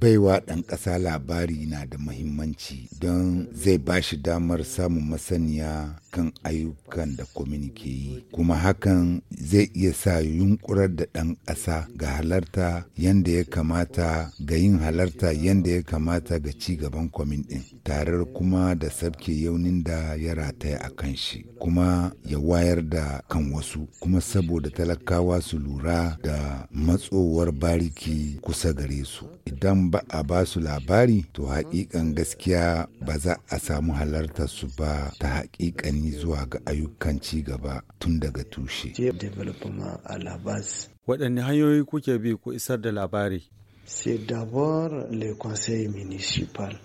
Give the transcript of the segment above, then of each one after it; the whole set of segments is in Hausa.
Baiwa ɗan ƙasa labari na da muhimmanci don zai ba shi damar samun masaniya kan ayyukan da kwamini ke yi kuma hakan zai iya sa yunkurar da ɗan ƙasa ga halarta yadda ya kamata ga yin halarta yadda ya kamata ga ci gaban kwamin ɗin tare kuma da sabke yaunin da ya rataya a kan shi kuma ya wayar da kan wasu kuma saboda talakawa su lura da matsowar bariki kusa gare su idan ba a ba su labari to haƙiƙan gaskiya ba za a samu halartar su ba ta haƙiƙani yi zuwa ga ayyukan ci gaba tun daga tushe. Waɗanne hanyoyi kuke bi ku isar da labari?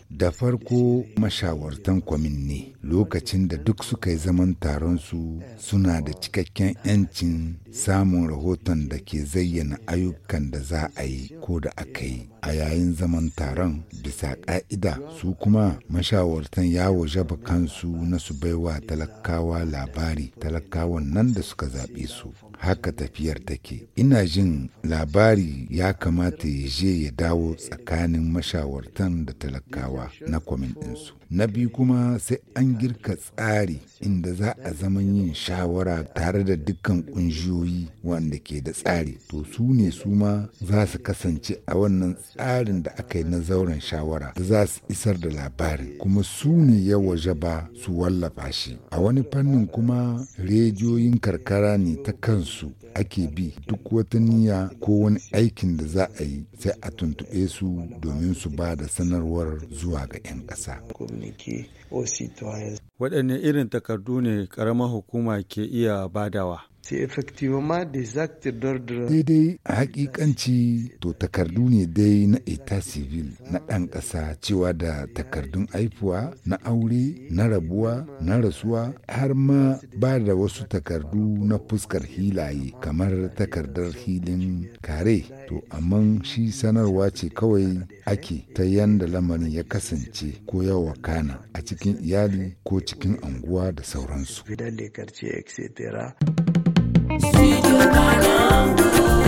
Da farko mashawartan kwamin ne lokacin da duk suka yi zaman taron su suna da cikakken 'yancin samun rahoton da ke zayyana ayyukan da za a yi ko da aka yi. a yayin zaman taron bisa ƙa'ida su kuma mashawartan ya wajaba kansu na su baiwa talakawa labari talakawan nan da suka zaɓe su haka tafiyar take ina jin labari ya kamata ya je ya dawo tsakanin mashawartan da talakawa na kwamin ɗinsu na biyu kuma sai an girka tsari inda za a zaman yin shawara tare da dukkan ƙungiyoyi wanda ke da tsari to su ne su ma za su kasance a wannan tsarin da aka yi na zauren shawara da za su isar da labarin kuma su ne ya waje ba su wallafa shi a wani fannin kuma rediyoyin karkara ne ta kansu ake bi duk wata niyya ko wani aikin da za a yi sai a tuntube su domin su ba da sanarwar zuwa ga 'yan ƙasa waɗanne irin takardu ne ƙaramar hukuma ke iya badawa daidai hakikanci to takardu ne dai na eta civil na ɗan ƙasa cewa da takardun haifuwa na aure na rabuwa na rasuwa har ma ba da wasu takardu na fuskar hilaye kamar takardar hilin kare to amma shi sanarwa ce kawai ake ta yanda lamarin ya kasance ko yawa kana a cikin iyali ko cikin anguwa da sauransu. Studio Banana.